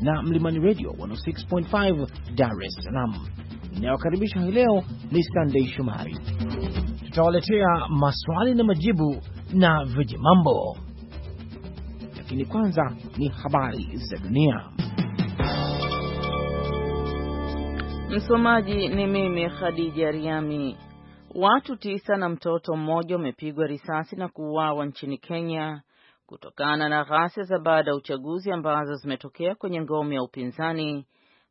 na Mlimani Radio 106.5 Dar es Salaam. Inayokaribisha hii leo ni Sunday Shumari. Tutawaletea maswali na majibu na viji mambo, lakini kwanza ni habari za dunia. Msomaji ni mimi Khadija Riami. Watu tisa na mtoto mmoja wamepigwa risasi na kuuawa nchini Kenya kutokana na ghasia za baada ya uchaguzi ambazo zimetokea kwenye ngome ya upinzani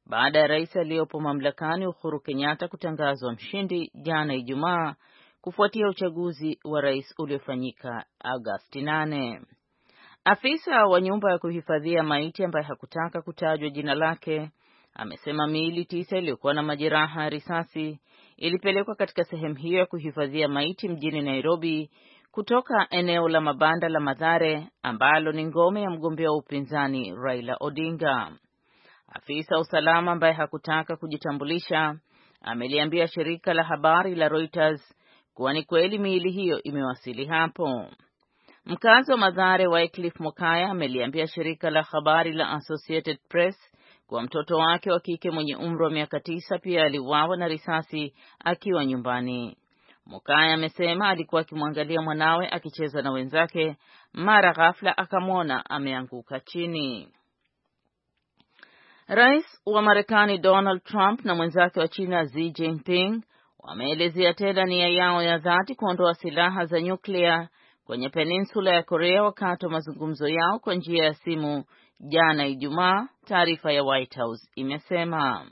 baada ya rais aliyepo mamlakani Uhuru Kenyatta kutangazwa mshindi jana Ijumaa kufuatia uchaguzi wa rais uliofanyika Agosti 8. Afisa wa nyumba ya kuhifadhia maiti ambaye hakutaka kutajwa jina lake amesema miili tisa iliyokuwa na majeraha ya risasi ilipelekwa katika sehemu hiyo ya kuhifadhia maiti mjini Nairobi kutoka eneo la mabanda la madhare ambalo ni ngome ya mgombea wa upinzani Raila Odinga. Afisa usalama ambaye hakutaka kujitambulisha ameliambia shirika la habari la Reuters kuwa ni kweli miili hiyo imewasili hapo. Mkazi wa madhare Wycliffe Mokaya ameliambia shirika la habari la Associated Press kuwa mtoto wake wa kike mwenye umri wa miaka tisa pia aliuawa na risasi akiwa nyumbani mukai amesema alikuwa akimwangalia mwanawe akicheza na wenzake, mara ghafla akamwona ameanguka chini. Rais wa Marekani Donald Trump na mwenzake wa China Xi Jinping wameelezea tena nia yao ya dhati kuondoa silaha za nyuklia kwenye peninsula ya Korea wakati wa mazungumzo yao kwa njia ya simu jana Ijumaa, taarifa ya White House imesema.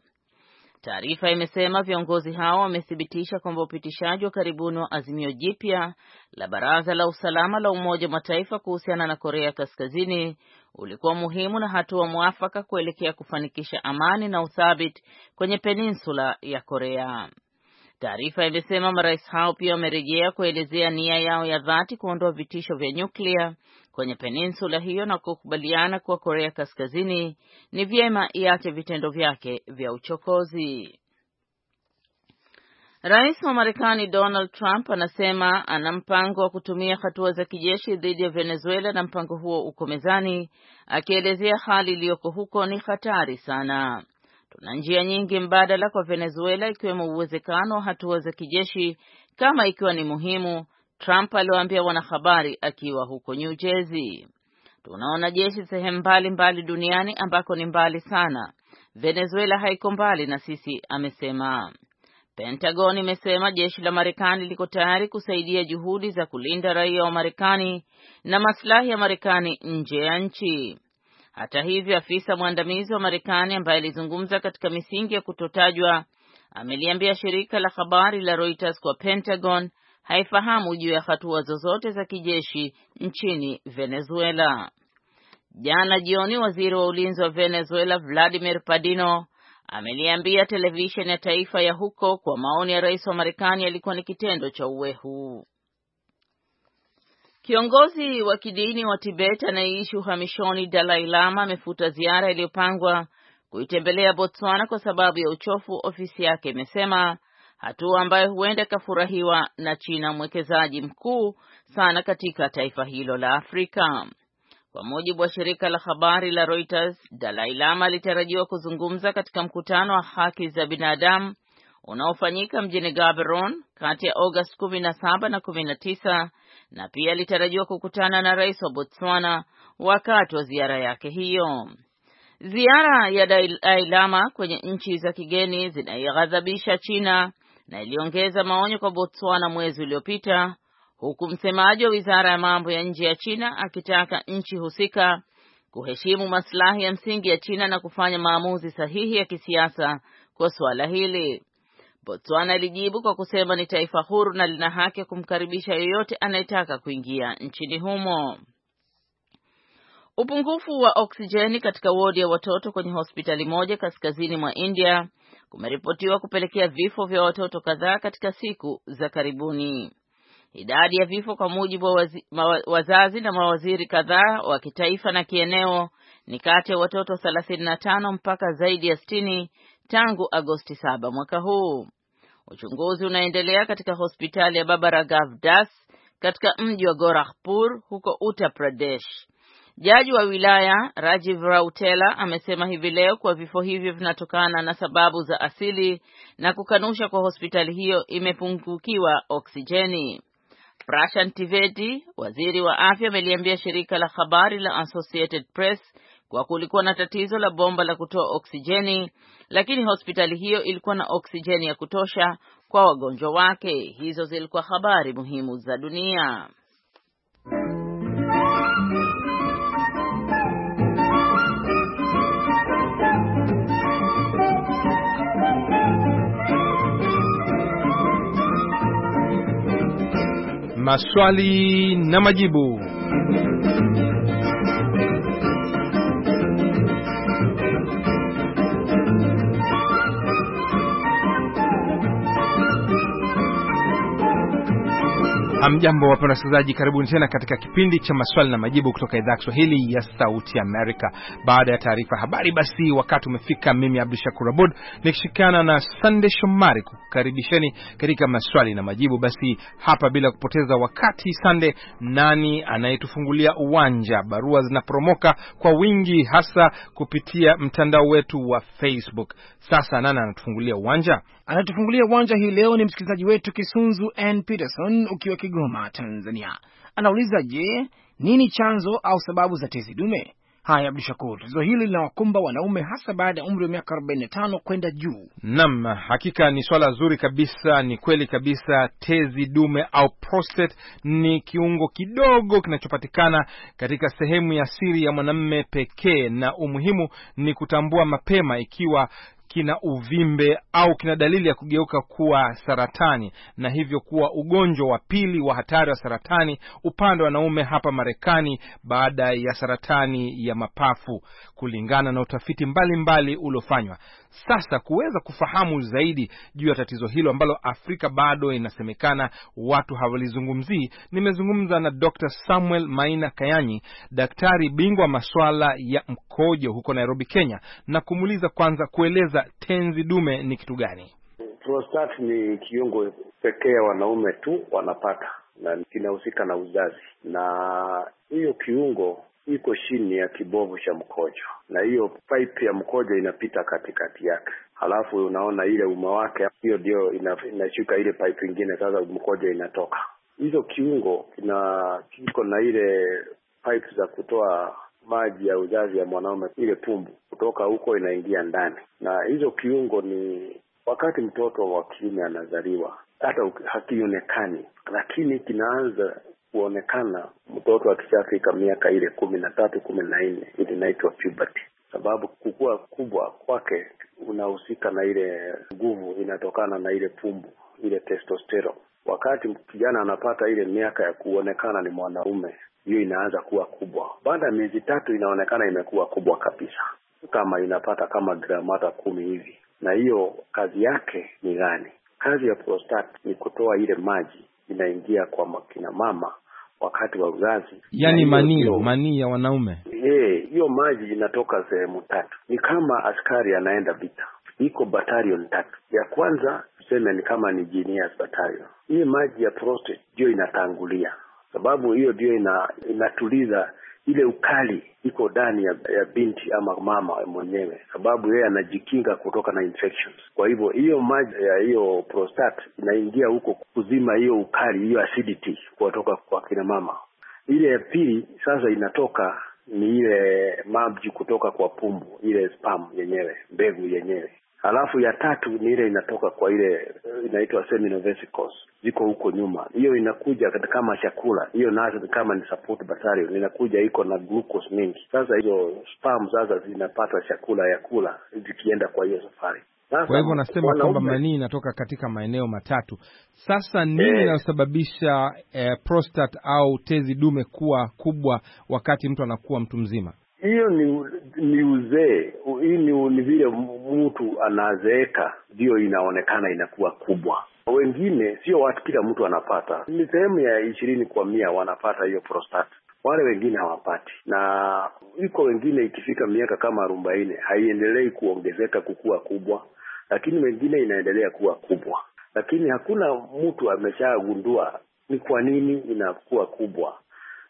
Taarifa imesema viongozi hao wamethibitisha kwamba upitishaji wa karibuni wa azimio jipya la Baraza la Usalama la Umoja wa Mataifa kuhusiana na Korea Kaskazini ulikuwa muhimu na hatua mwafaka kuelekea kufanikisha amani na uthabiti kwenye peninsula ya Korea. Taarifa ilisema marais hao pia wamerejea kuelezea nia yao ya dhati kuondoa vitisho vya nyuklia kwenye peninsula hiyo na kukubaliana kuwa Korea Kaskazini ni vyema iache vitendo vyake vya uchokozi. Rais wa Marekani Donald Trump anasema ana mpango wa kutumia hatua za kijeshi dhidi ya Venezuela na mpango huo uko mezani, akielezea hali iliyoko huko ni hatari sana. Tuna njia nyingi mbadala kwa Venezuela ikiwemo uwezekano wa hatua za kijeshi kama ikiwa ni muhimu, Trump aliwaambia wanahabari akiwa huko New Jersey. Tunaona jeshi sehemu mbali mbali duniani ambako ni mbali sana. Venezuela haiko mbali na sisi, amesema. Pentagon imesema jeshi la Marekani liko tayari kusaidia juhudi za kulinda raia wa Marekani na maslahi ya Marekani nje ya nchi. Hata hivyo, afisa mwandamizi wa Marekani ambaye alizungumza katika misingi ya kutotajwa ameliambia shirika la habari la Reuters kwa Pentagon haifahamu juu ya hatua zozote za kijeshi nchini Venezuela. Jana jioni, waziri wa ulinzi wa Venezuela Vladimir Padino ameliambia televisheni ya taifa ya huko kwa maoni ya rais wa Marekani alikuwa ni kitendo cha uwehu. Kiongozi wa kidini wa Tibet anayeishi uhamishoni Dalai Lama amefuta ziara iliyopangwa kuitembelea Botswana kwa sababu ya uchofu ofisi yake imesema, hatua ambayo huenda ikafurahiwa na China, mwekezaji mkuu sana katika taifa hilo la Afrika. Kwa mujibu wa shirika la habari la Reuters, Dalai Lama alitarajiwa kuzungumza katika mkutano wa haki za binadamu unaofanyika mjini Gaborone kati ya Agosti 17 na na pia alitarajiwa kukutana na rais wa Botswana wakati wa ziara yake hiyo. Ziara ya Dalai Lama kwenye nchi za kigeni zinaighadhabisha China na iliongeza maonyo kwa Botswana mwezi uliopita, huku msemaji wa wizara ya mambo ya nje ya China akitaka nchi husika kuheshimu maslahi ya msingi ya China na kufanya maamuzi sahihi ya kisiasa kwa suala hili. Botswana ilijibu kwa kusema ni taifa huru na lina haki ya kumkaribisha yeyote anayetaka kuingia nchini humo. Upungufu wa oksijeni katika wodi ya watoto kwenye hospitali moja kaskazini mwa India kumeripotiwa kupelekea vifo vya watoto kadhaa katika siku za karibuni. Idadi ya vifo kwa mujibu wa wazi, ma, wazazi na mawaziri kadhaa wa kitaifa na kieneo ni kati ya watoto 35 mpaka zaidi ya tangu Agosti saba mwaka huu. Uchunguzi unaendelea katika hospitali ya Baba Raghav Das katika mji wa Gorakhpur huko Uttar Pradesh. Jaji wa wilaya Rajiv Rautela amesema hivi leo kuwa vifo hivyo vinatokana na sababu za asili na kukanusha kwa hospitali hiyo imepungukiwa oksijeni. Prashant tiveti waziri wa afya, ameliambia shirika la habari la Associated Press kuwa kulikuwa na tatizo la bomba la kutoa oksijeni, lakini hospitali hiyo ilikuwa na oksijeni ya kutosha kwa wagonjwa wake. Hizo zilikuwa habari muhimu za dunia. Maswali na majibu. Hamjambo, wapenda wasikilizaji, karibuni tena katika kipindi cha maswali na majibu kutoka idhaa ya Kiswahili ya Sauti Amerika. Baada ya taarifa habari, basi wakati umefika, mimi Abdu Shakur Abud nikishikana na Sande Shomari kukaribisheni katika maswali na majibu. Basi hapa bila kupoteza wakati, Sande, nani anayetufungulia uwanja? Barua zinaporomoka kwa wingi, hasa kupitia mtandao wetu wa Facebook. Sasa nani anatufungulia uwanja? Anatufungulia uwanja hii leo ni msikilizaji wetu Kisunzu N Peterson ukiwa Kigoma, Tanzania. Anauliza, je, nini chanzo au sababu za tezi dume? Haya, Abdu Shakur, tatizo hili linawakumba wanaume hasa baada ya umri wa miaka 45 kwenda juu. Naam, hakika ni swala zuri kabisa. Ni kweli kabisa, tezi dume au prostate ni kiungo kidogo kinachopatikana katika sehemu ya siri ya mwanamume pekee, na umuhimu ni kutambua mapema ikiwa kina uvimbe au kina dalili ya kugeuka kuwa saratani na hivyo kuwa ugonjwa wa pili wa hatari wa saratani upande wa wanaume hapa Marekani baada ya saratani ya mapafu kulingana na utafiti mbalimbali uliofanywa. Sasa kuweza kufahamu zaidi juu ya tatizo hilo ambalo Afrika bado inasemekana watu hawalizungumzii, nimezungumza na Dr. Samuel Maina Kayanyi, daktari bingwa masuala ya mkojo huko Nairobi, Kenya, na kumuuliza kwanza kueleza tenzi dume ni kitu gani? Prostate ni kiungo pekee wanaume tu wanapata na kinahusika na uzazi, na hiyo kiungo iko chini ya kibovu cha mkojo, na hiyo pipe ya mkojo inapita katikati yake. Halafu unaona ile uma wake, hiyo ndio inashuka ile pipe ingine, sasa mkojo inatoka. Hizo kiungo kina kiko na ile pipe za kutoa maji ya uzazi ya mwanaume, ile tumbu kutoka huko inaingia ndani, na hizo kiungo ni wakati mtoto wa kiume anazaliwa, hata hakionekani, lakini kinaanza kuonekana mtoto akishafika miaka ile kumi na tatu kumi na nne ili inaitwa puberty, sababu kukua kubwa kwake unahusika na ile nguvu inatokana na ile pumbu, ile testosterone. Wakati kijana anapata ile miaka ya kuonekana ni mwanaume, hiyo inaanza kuwa kubwa, baada ya miezi tatu inaonekana imekuwa kubwa kabisa, kama inapata kama gramata kumi hivi. Na hiyo kazi yake ni gani? Kazi ya prostat ni kutoa ile maji inaingia kwa makina mama wakati wa uzazi, yani manii manii ya wanaume. Eh, hiyo maji inatoka sehemu tatu, ni kama askari anaenda vita. Iko batalion tatu. Ya kwanza tuseme ni kama ni juniors battalion. Hii maji ya prostate ndio inatangulia, sababu hiyo ndio ina, inatuliza ile ukali iko ndani ya, ya binti ama mama mwenyewe, sababu yeye anajikinga kutoka na infections. Kwa hivyo hiyo maji ya hiyo prostate inaingia huko kuzima hiyo ukali, hiyo acidity kutoka kwa kina mama. Ile ya pili sasa inatoka ni ile maji kutoka kwa pumbu, ile sperm yenyewe, mbegu yenyewe. Alafu ya tatu ni ile inatoka kwa ile eh, inaitwa vesicles ziko huko nyuma. Hiyo inakuja kama chakula, hiyo nazo kama ni support battery inakuja iko na glucose mingi. Sasa hizo sperm sasa zinapata chakula ya kula zikienda kwa hiyo safari. Sasa, kwa hivyo nasema kwamba manii inatoka katika maeneo matatu. Sasa nini eh. inayosababisha eh, prostate au tezi dume kuwa kubwa wakati mtu anakuwa mtu mzima? hiyo ni ni uzee, hii ni, ni vile mtu anazeeka ndiyo inaonekana inakuwa kubwa. Wengine sio watu, kila mtu anapata, ni sehemu ya ishirini kwa mia wanapata hiyo prostate, wale wengine hawapati, na iko wengine ikifika miaka kama arobaini haiendelei kuongezeka kukuwa kubwa, lakini wengine inaendelea kuwa kubwa, lakini hakuna mtu ameshagundua ni kwa nini inakuwa kubwa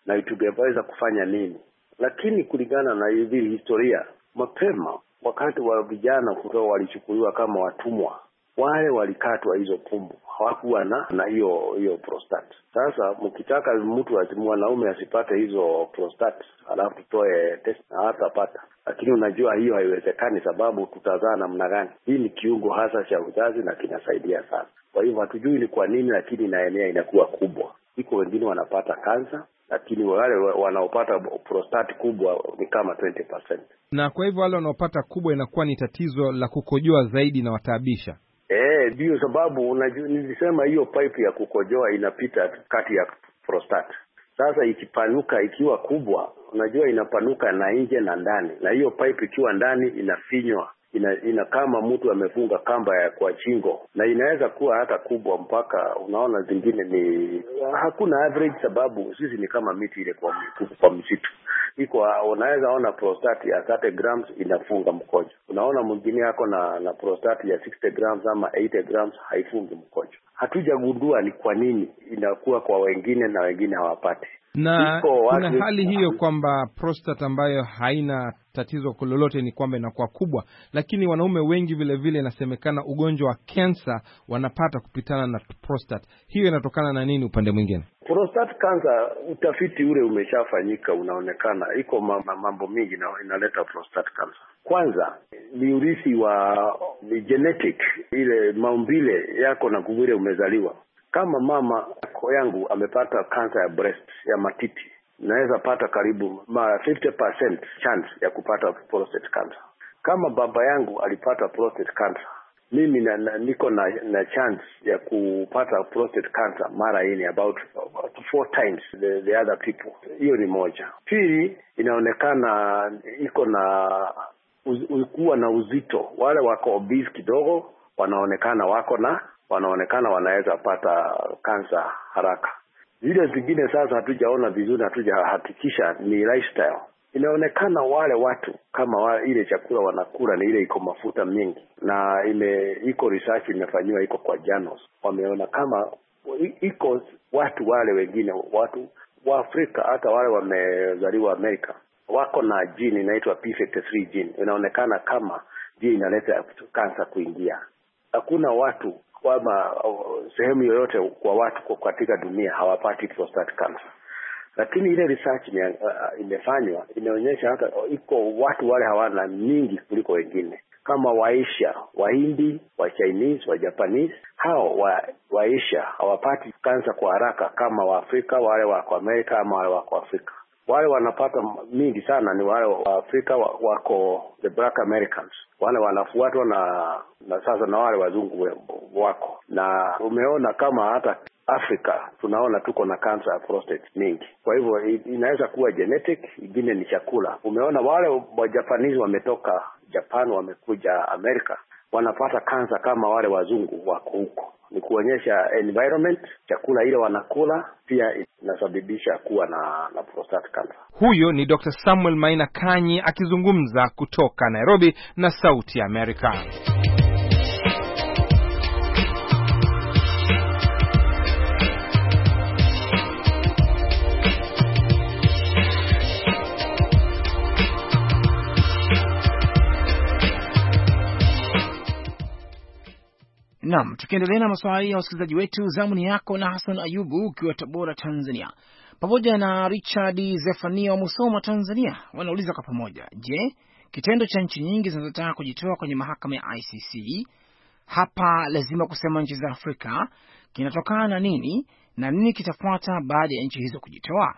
na tungeweza kufanya nini. Lakini kulingana na hivi historia, mapema wakati wa vijana kutoa walichukuliwa kama watumwa, wale walikatwa hizo pumbu, hawakuwa na na hiyo hiyo prostat. Sasa mkitaka mtu mwanaume asipate hizo prostat, alafu tutoe test na hatapata. Lakini unajua hiyo haiwezekani, sababu tutazaa namna gani? Hii ni kiungo hasa cha uzazi na kinasaidia sana. Kwa hivyo hatujui ni kwa nini, lakini inaenea inakuwa kubwa. Iko wengine wanapata kansa, lakini wale wanaopata prostati kubwa ni kama 20%. Na kwa hivyo wale wanaopata kubwa inakuwa ni tatizo la kukojoa zaidi na wataabisha eh, ndiyo. E, sababu nilisema hiyo pipe ya kukojoa inapita kati ya prostate. Sasa ikipanuka ikiwa kubwa, unajua inapanuka na nje na ndani, na hiyo pipe ikiwa ndani inafinywa ina, ina kama mtu amefunga kamba ya kwa chingo, na inaweza kuwa hata kubwa, mpaka unaona zingine ni hakuna average, sababu sisi ni kama miti ile kwa, kwa msitu iko. Unaweza ona prostati ya 30 grams inafunga mkojo, unaona mwingine ako na na prostati ya 60 grams ama 80 grams haifungi mkojo. Hatujagundua ni kwa nini inakuwa kwa wengine na wengine hawapati na kuna hali hiyo kwamba prostate ambayo haina tatizo lolote ni kwamba inakuwa kubwa, lakini wanaume wengi vilevile inasemekana vile ugonjwa wa kansa wanapata kupitana na prostate. Hiyo inatokana na nini? Upande mwingine prostate cancer, utafiti ule umeshafanyika, unaonekana iko mambo mingi na inaleta prostate cancer. Kwanza ni urithi wa ni genetic, ile maumbile yako na kuvile umezaliwa kama mama kaka yangu amepata kansa ya breast ya matiti, naweza pata karibu mara 50% chance ya kupata prostate cancer. Kama baba yangu alipata prostate cancer, mimi na, na, niko na, na chance ya kupata prostate cancer mara ini about, about four times the, the other people. Hiyo ni moja. Pili, inaonekana iko na uz, kuwa na uzito. Wale wako obese kidogo wanaonekana wako na wanaonekana wanaweza pata kansa haraka. Zile zingine sasa hatujaona vizuri, hatujahakikisha ni lifestyle. Inaonekana wale watu kama wale, ile chakula wanakula ni ile iko mafuta mengi na ile iko research imefanyiwa iko kwa journals, wameona kama iko watu wale wengine watu wa Afrika hata wale wamezaliwa Amerika wako na jini inaitwa p53 gene, inaonekana kama jini inaleta kansa kuingia hakuna watu ama uh, sehemu yoyote kwa watu katika dunia hawapati prostate cancer, lakini ile research ni, uh, uh, imefanywa imeonyesha hata uh, iko watu wale hawana mingi kuliko wengine kama Waisha, Wahindi, wa japanese hao wa, Waisha hawapati kansa kwa haraka kama Waafrika wale wako Amerika ama wale wako Afrika wale wanapata mingi sana ni wale wa Afrika wako the black Americans, wale wanafuatwa na na sasa na wale wazungu wako, na umeona kama hata Afrika tunaona tuko na cancer prostate mingi. Kwa hivyo inaweza kuwa genetic, ingine ni chakula. Umeona wale wajapanisi wametoka Japan wamekuja Amerika, wanapata kansa kama wale wazungu wako huko. Ni kuonyesha environment, chakula ile wanakula pia inasababisha kuwa na, na prostate cancer. Huyo ni Dr. Samuel Maina Kanyi akizungumza kutoka Nairobi na Sauti ya Amerika. Naam, tukiendelea na maswali ya wasikilizaji wetu, zamuni yako na Hassan Ayubu ukiwa Tabora, Tanzania, pamoja na Richard Zefania wa Musoma, Tanzania, wanauliza kwa pamoja, je, kitendo cha nchi nyingi zinazotaka kujitoa kwenye mahakama ya ICC hapa lazima kusema nchi za Afrika kinatokana na nini na nini kitafuata baada ya nchi hizo kujitoa?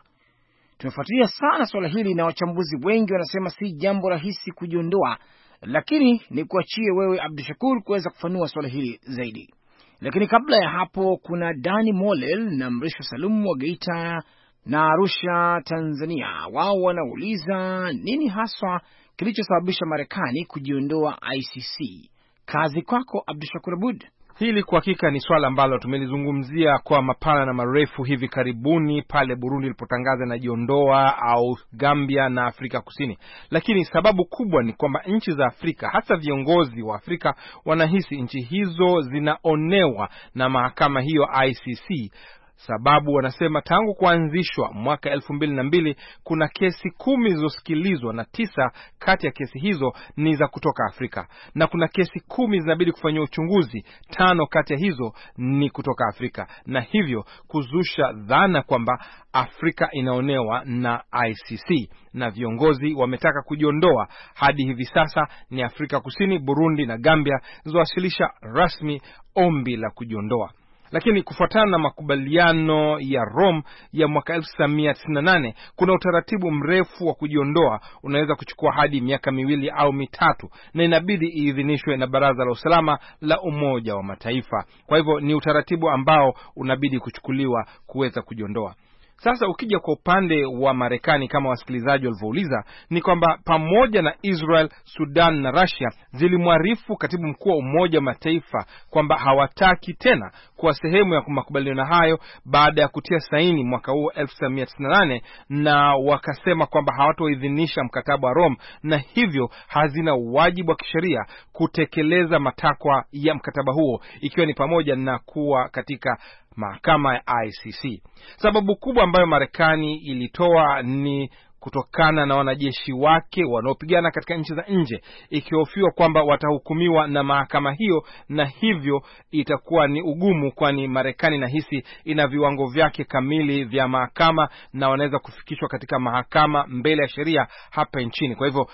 Tumefuatilia sana suala hili na wachambuzi wengi wanasema si jambo rahisi kujiondoa lakini ni kuachie wewe Abdu Shakur kuweza kufanua swala hili zaidi. Lakini kabla ya hapo, kuna Dani Molel na Mrisho Salumu wa Geita na Arusha, Tanzania. Wao wanauliza nini haswa kilichosababisha Marekani kujiondoa ICC? Kazi kwako Abdu Shakur Abud. Hili kwa hakika ni swala ambalo tumelizungumzia kwa mapana na marefu hivi karibuni pale Burundi ilipotangaza inajiondoa au Gambia na Afrika Kusini, lakini sababu kubwa ni kwamba nchi za Afrika, hasa viongozi wa Afrika, wanahisi nchi hizo zinaonewa na mahakama hiyo ICC sababu wanasema tangu kuanzishwa mwaka elfu mbili na mbili kuna kesi kumi zilizosikilizwa na tisa kati ya kesi hizo ni za kutoka Afrika na kuna kesi kumi zinabidi kufanyia uchunguzi, tano kati ya hizo ni kutoka Afrika na hivyo kuzusha dhana kwamba Afrika inaonewa na ICC na viongozi wametaka kujiondoa. Hadi hivi sasa ni Afrika Kusini, Burundi na Gambia zilizowasilisha rasmi ombi la kujiondoa lakini kufuatana na makubaliano ya Rome ya mwaka 1998 kuna utaratibu mrefu wa kujiondoa, unaweza kuchukua hadi miaka miwili au mitatu, na inabidi iidhinishwe na Baraza la Usalama la Umoja wa Mataifa. Kwa hivyo ni utaratibu ambao unabidi kuchukuliwa kuweza kujiondoa. Sasa ukija kwa upande wa Marekani, kama wasikilizaji walivyouliza, ni kwamba pamoja na Israel, Sudan na Russia zilimwarifu katibu mkuu wa Umoja wa Mataifa kwamba hawataki tena kuwa sehemu ya makubaliano hayo baada ya kutia saini mwaka huu 1998 na wakasema kwamba hawatoidhinisha mkataba wa Rome na hivyo hazina wajibu wa kisheria kutekeleza matakwa ya mkataba huo, ikiwa ni pamoja na kuwa katika mahakama ya ICC. Sababu kubwa ambayo Marekani ilitoa ni kutokana na wanajeshi wake wanaopigana katika nchi za nje, ikihofiwa kwamba watahukumiwa na mahakama hiyo, na hivyo itakuwa ni ugumu, kwani Marekani nahisi ina viwango vyake kamili vya mahakama na wanaweza kufikishwa katika mahakama mbele ya sheria hapa nchini. Kwa hivyo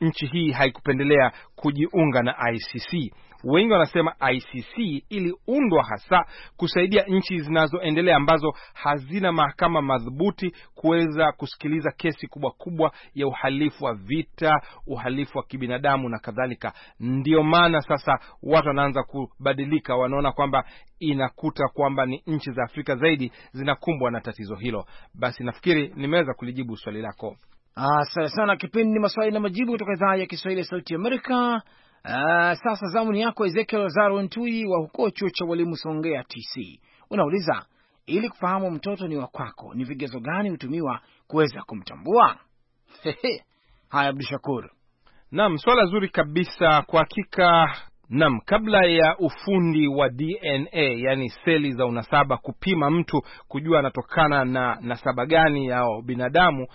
nchi hii haikupendelea kujiunga na ICC. Wengi wanasema ICC iliundwa hasa kusaidia nchi zinazoendelea ambazo hazina mahakama madhubuti kuweza kusikiliza kesi kubwa kubwa ya uhalifu wa vita, uhalifu wa kibinadamu na kadhalika. ndio maana sasa watu wanaanza kubadilika, wanaona kwamba inakuta kwamba ni nchi za Afrika zaidi zinakumbwa na tatizo hilo. Basi nafikiri nimeweza kulijibu swali lako. Asante sana. Kipindi ni maswali na majibu kutoka idhaa ya Kiswahili ya Sauti Amerika. Ah, sasa zamu ni yako Ezekiel Zaro Ntui wa huko chuo cha walimu Songea TC, unauliza ili kufahamu mtoto ni wa kwako ni vigezo gani hutumiwa kuweza kumtambua? Haya, Abdu Shakur. Naam, swala zuri kabisa kwa hakika. Naam, kabla ya ufundi wa DNA yaani seli za unasaba kupima mtu kujua anatokana na nasaba gani ya binadamu,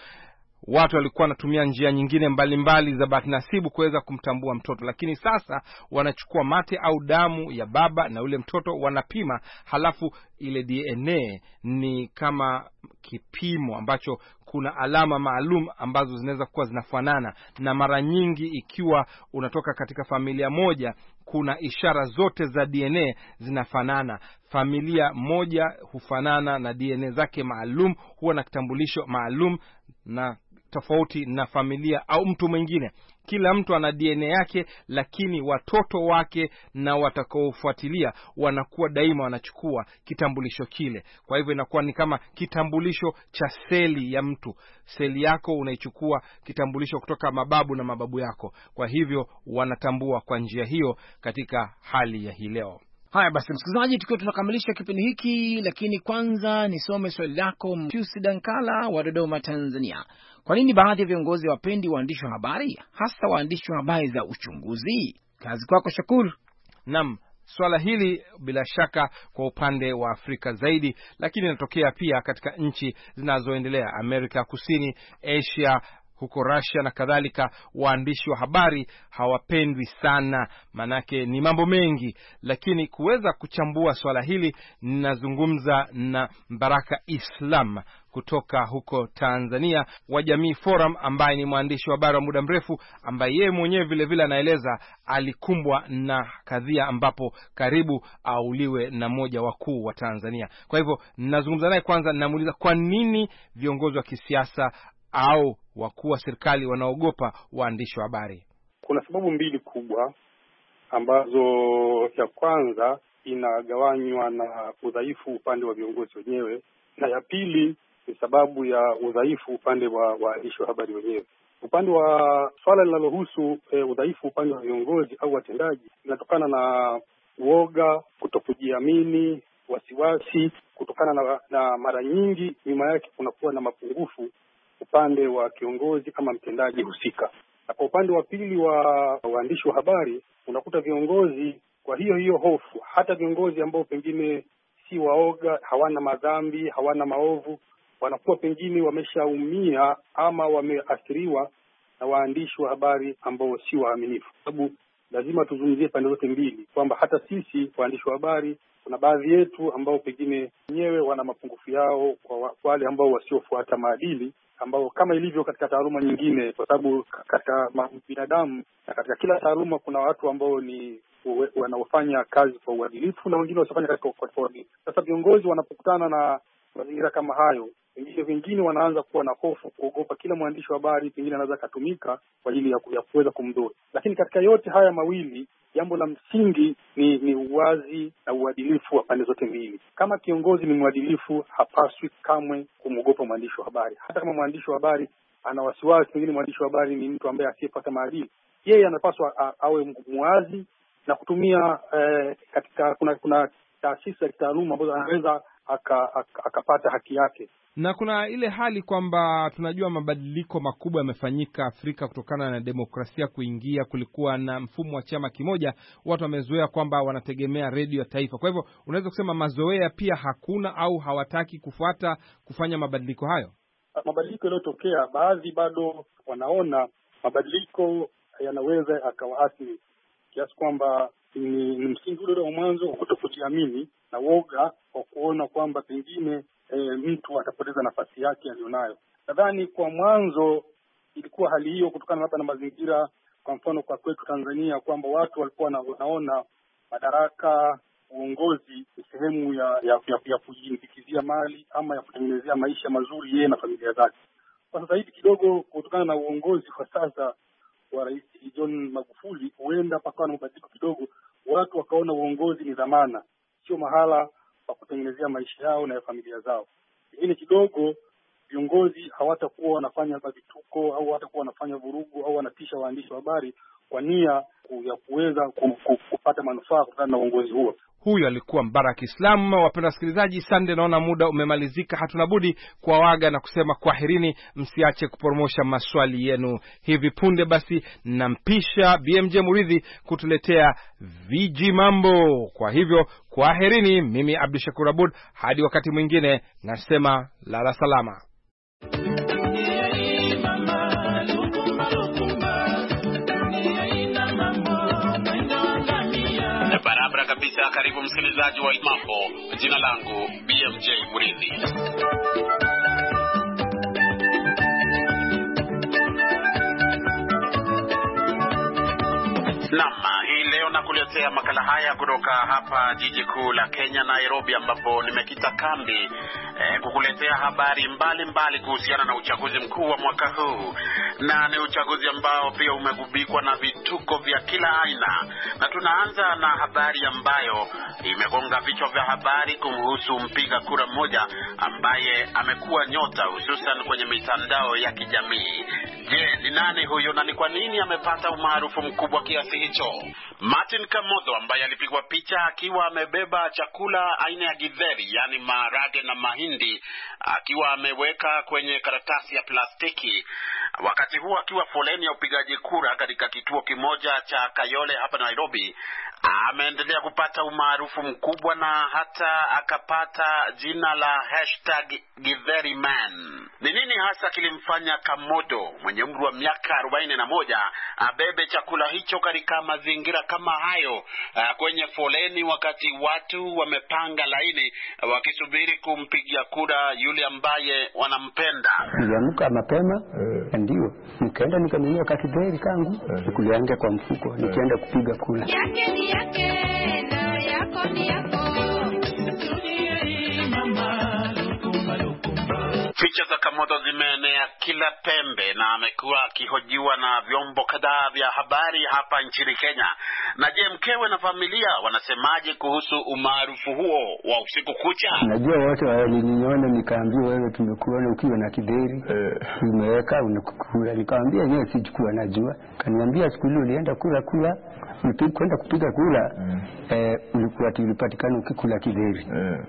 watu walikuwa wanatumia njia nyingine mbalimbali za bahati nasibu kuweza kumtambua mtoto, lakini sasa wanachukua mate au damu ya baba na yule mtoto wanapima, halafu ile DNA ni kama kipimo ambacho kuna alama maalum ambazo zinaweza kuwa zinafanana, na mara nyingi ikiwa unatoka katika familia moja, kuna ishara zote za DNA zinafanana. Familia moja hufanana na DNA zake maalum, huwa na kitambulisho maalum na tofauti na familia au mtu mwingine. Kila mtu ana DNA yake, lakini watoto wake na watakaofuatilia wanakuwa daima wanachukua kitambulisho kile. Kwa hivyo inakuwa ni kama kitambulisho cha seli ya mtu. Seli yako unaichukua kitambulisho kutoka mababu na mababu yako. Kwa hivyo wanatambua kwa njia hiyo katika hali ya hii leo. Haya basi, msikilizaji, tukiwa tunakamilisha kipindi hiki, lakini kwanza nisome swali lako. Mchusi Dankala wa Dodoma, Tanzania: kwa nini baadhi ya viongozi wapendi waandishi wa habari, hasa waandishi wa habari za uchunguzi? Kazi kwako Shakur. Naam, swala hili bila shaka kwa upande wa Afrika zaidi, lakini inatokea pia katika nchi zinazoendelea, Amerika Kusini, Asia, huko rasia na kadhalika, waandishi wa habari hawapendwi sana, manake ni mambo mengi. Lakini kuweza kuchambua swala hili, ninazungumza na baraka Islam kutoka huko Tanzania wa Jamii Forum, ambaye ni mwandishi wa habari wa muda mrefu, ambaye yeye mwenyewe vilevile anaeleza alikumbwa na kadhia ambapo karibu auliwe na moja wakuu wa Tanzania. Kwa hivyo nazungumza naye kwanza, namuuliza kwa nini viongozi wa kisiasa au wakuu wa serikali wanaogopa waandishi wa habari? Kuna sababu mbili kubwa ambazo ya kwanza inagawanywa na udhaifu upande wa viongozi wenyewe, na ya pili ni sababu ya udhaifu upande wa waandishi wa habari wenyewe. Upande wa swala linalohusu e, udhaifu upande wa viongozi au watendaji inatokana na uoga, kutokujiamini, wasiwasi, kutokana na, na mara nyingi nyuma yake kunakuwa na mapungufu upande wa kiongozi kama mtendaji husika, na kwa upande wa pili wa waandishi wa habari unakuta viongozi kwa hiyo hiyo hofu, hata viongozi ambao pengine si waoga, hawana madhambi, hawana maovu, wanakuwa pengine wameshaumia ama wameathiriwa na waandishi wa habari ambao si waaminifu, sababu lazima tuzungumzie pande zote mbili, kwamba hata sisi waandishi wa habari kuna baadhi yetu ambao pengine wenyewe wana mapungufu yao, kwa wale ambao wasiofuata maadili ambao kama ilivyo katika taaluma nyingine, kwa sababu katika binadamu na katika kila taaluma kuna watu ambao ni wanaofanya kazi kwa uadilifu na wengine wasiofanya kazi kwa uadilifu. Sasa viongozi wanapokutana na mazingira kama hayo, vingine vingine wanaanza kuwa na hofu, kuogopa kila mwandishi wa habari pengine anaweza akatumika kwa ajili ya kuweza kumdhuru. Lakini katika yote haya mawili, jambo la msingi ni ni uwazi na uadilifu wa pande zote mbili. Kama kiongozi ni mwadilifu, hapaswi kamwe kumwogopa mwandishi wa habari, hata kama mwandishi wa habari ana wasiwasi. Pengine mwandishi wa habari ni mtu ambaye asiyepata maadili, yeye anapaswa awe mwazi na kutumia eh, katika kuna kuna taasisi ya kitaaluma ambazo anaweza akapata haki yake. Na kuna ile hali kwamba tunajua mabadiliko makubwa yamefanyika Afrika kutokana na demokrasia kuingia. Kulikuwa na mfumo wa chama kimoja, watu wamezoea kwamba wanategemea redio ya taifa. Kwa hivyo unaweza kusema mazoea pia hakuna au hawataki kufuata kufanya mabadiliko hayo. Ah, mabadiliko yaliyotokea, baadhi bado wanaona mabadiliko yanaweza yakawaathiri kiasi kwamba ni, ni msingi ule wa mwanzo wa kutokujiamini na woga wa kuona kwamba pengine e, mtu atapoteza nafasi yake aliyonayo. Nadhani kwa mwanzo ilikuwa hali hiyo kutokana labda na mazingira, kwa mfano kwa kwetu Tanzania, kwamba watu walikuwa wanaona madaraka, uongozi ni sehemu ya ya, ya, ya kujimbikizia mali ama ya kutengenezea maisha mazuri yeye na familia zake. Kwa sasa hivi kidogo, kutokana na uongozi kwa sasa wa Rais John Magufuli, huenda pakawa na mabadiliko kidogo, watu wakaona uongozi ni dhamana, sio mahala pa kutengenezea maisha yao na ya familia zao. Pengine kidogo viongozi hawatakuwa wanafanya vituko au hawatakuwa wanafanya vurugu au wanatisha waandishi wa habari kwa nia ya kuweza kupata manufaa kutokana na uongozi huo. Huyu alikuwa Mbarak Islam. Wapenda wasikilizaji, sande, naona muda umemalizika, hatuna budi kuwaaga na kusema kwaherini. Msiache kupromosha maswali yenu. Hivi punde basi nampisha BMJ Muridhi kutuletea viji mambo. Kwa hivyo kwaherini, mimi Abdu Shakur Abud, hadi wakati mwingine, nasema lala salama. Karibu msikilizaji wa Imambo. Jina langu BMJ Mridhi. Naam kukuletea makala haya kutoka hapa jiji kuu la Kenya, Nairobi, ambapo nimekita kambi eh, kukuletea habari mbalimbali kuhusiana na uchaguzi mkuu wa mwaka huu, na ni uchaguzi ambao pia umegubikwa na vituko vya kila aina, na tunaanza na habari ambayo imegonga vichwa vya habari kumhusu mpiga kura mmoja ambaye amekuwa nyota hususan kwenye mitandao ya kijamii. Je, ni nani huyu na ni kwa nini amepata umaarufu mkubwa kiasi hicho? Martin Kamodho ambaye alipigwa picha akiwa amebeba chakula aina ya githeri, yaani maharage na mahindi, akiwa ameweka kwenye karatasi ya plastiki, wakati huo akiwa foleni ya upigaji kura katika kituo kimoja cha Kayole hapa Nairobi, ameendelea kupata umaarufu mkubwa na hata akapata jina la hashtag Githeriman. Ni nini hasa kilimfanya Kamodo mwenye umri wa miaka arobaini na moja abebe chakula hicho katika mazingira kama hayo, uh, kwenye foleni, wakati watu wamepanga laini wakisubiri kumpigia kura yule ambaye wanampenda? mapema eh. ndio nikaenda nikanunua kakidheri kangu nikuliange kwa mfuko nikienda kupiga kula yake ni yake, na yako ni yako. Licha changamoto zimeenea kila pembe, na amekuwa akihojiwa na vyombo kadhaa vya habari hapa nchini Kenya. Na je, mkewe na familia wanasemaje kuhusu umaarufu huo wa usiku kucha? Najua wote waliniona, nikaambia wewe, tumekuona ukiwa na kidheri eh. umeweka unakukula. Nikamwambia yeye, sichukua najua. Kaniambia siku hili ulienda kula kula kwenda kupiga kula, mm. eh, ulikuwa ati ulipatikana ukikula kidheri. Eh.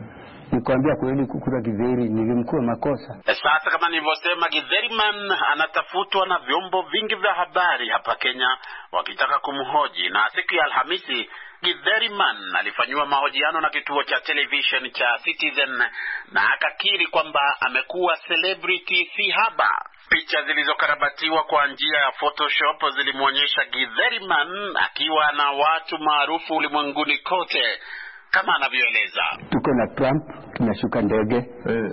Nikwambia kweli, kukura Githeri nilimkuwa makosa. Eh, sasa kama nilivyosema, Githeriman anatafutwa na vyombo vingi vya habari hapa Kenya wakitaka kumhoji, na siku ya Alhamisi Githeriman alifanyiwa mahojiano na kituo cha television cha Citizen na akakiri kwamba amekuwa celebrity fihaba. Picha zilizokarabatiwa kwa njia ya Photoshop zilimwonyesha Githeriman akiwa na watu maarufu ulimwenguni kote kama anavyoeleza. Tuko na Trump tunashuka ndege eh.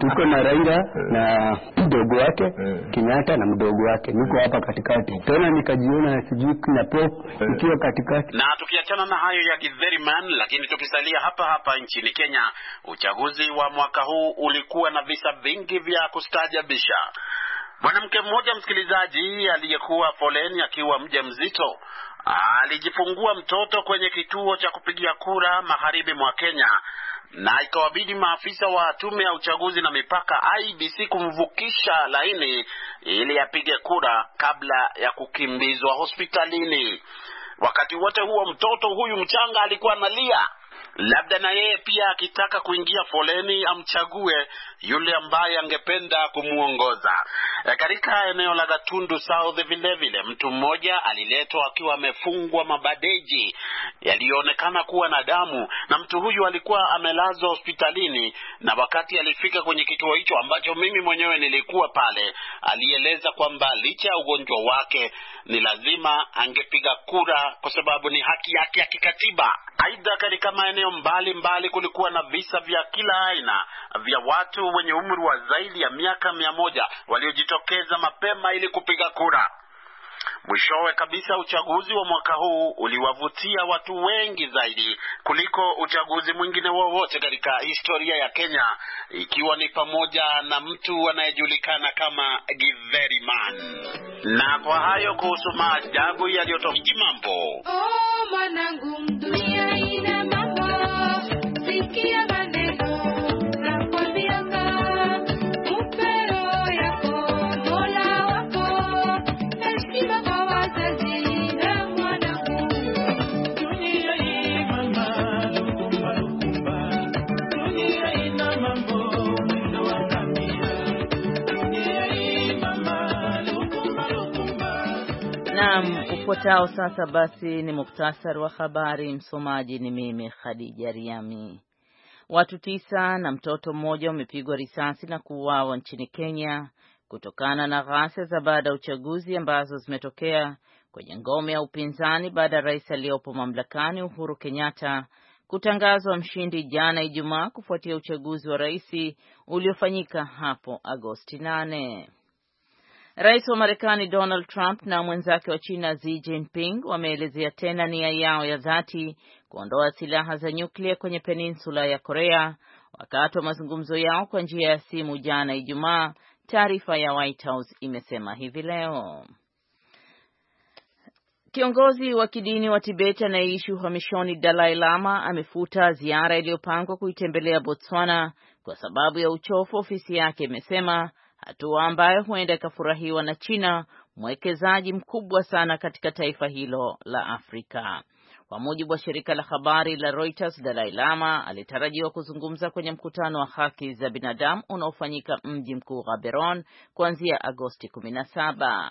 tuko na Raila eh. na mdogo wake eh. Kenyatta na mdogo wake, niko hapa katikati tena nikajiona sijui na pop ikiwa katikati. Na tukiachana na hayo ya Kidheriman, lakini tukisalia hapa hapa nchini Kenya, uchaguzi wa mwaka huu ulikuwa na visa vingi vya kustaajabisha. Mwanamke mmoja msikilizaji, aliyekuwa foleni akiwa mjamzito alijifungua mtoto kwenye kituo cha kupigia kura magharibi mwa Kenya na ikawabidi maafisa wa tume ya uchaguzi na mipaka IBC kumvukisha laini ili apige kura kabla ya kukimbizwa hospitalini. Wakati wote huo mtoto huyu mchanga alikuwa analia labda na yeye pia akitaka kuingia foleni amchague yule ambaye angependa kumwongoza. E, katika eneo la Gatundu South vilevile mtu mmoja aliletwa akiwa amefungwa mabadeji yaliyoonekana kuwa na damu, na mtu huyu alikuwa amelazwa hospitalini, na wakati alifika kwenye kituo hicho ambacho mimi mwenyewe nilikuwa pale, alieleza kwamba licha ya ugonjwa wake ni lazima angepiga kura kwa sababu ni haki yake ya kikatiba. Aidha, katika maeneo maeneo mbali kulikuwa na visa vya kila aina vya watu wenye umri wa zaidi ya miaka mia moja waliojitokeza mapema ili kupiga kura. Mwishowe kabisa uchaguzi wa mwaka huu uliwavutia watu wengi zaidi kuliko uchaguzi mwingine wowote katika historia ya Kenya, ikiwa ni pamoja na mtu anayejulikana kama Githeri Man. Na kwa hayo kuhusu maajabu yaliyotokea mambo oh, Ufuatao sasa basi ni muktasari wa habari. Msomaji ni mimi Khadija Riami. Watu tisa na mtoto mmoja wamepigwa risasi na kuuawa nchini Kenya kutokana na ghasia za baada ya uchaguzi ambazo zimetokea kwenye ngome ya upinzani baada ya rais aliyopo mamlakani Uhuru Kenyatta kutangazwa mshindi jana Ijumaa kufuatia uchaguzi wa rais uliofanyika hapo Agosti 8. Rais wa Marekani Donald Trump na mwenzake wa China Xi Jinping wameelezea tena nia yao ya dhati kuondoa silaha za nyuklia kwenye peninsula ya Korea wakati wa mazungumzo yao kwa njia ya simu jana Ijumaa, taarifa ya White House imesema hivi leo. Kiongozi wa kidini wa Tibet anayeishi uhamishoni Dalai Lama amefuta ziara iliyopangwa kuitembelea Botswana kwa sababu ya uchofu ofisi yake imesema, hatua ambayo huenda ikafurahiwa na China, mwekezaji mkubwa sana katika taifa hilo la Afrika. Kwa mujibu wa shirika la habari la Reuters, Dalai Lama alitarajiwa kuzungumza kwenye mkutano wa haki za binadamu unaofanyika mji mkuu Gaborone kuanzia Agosti 17.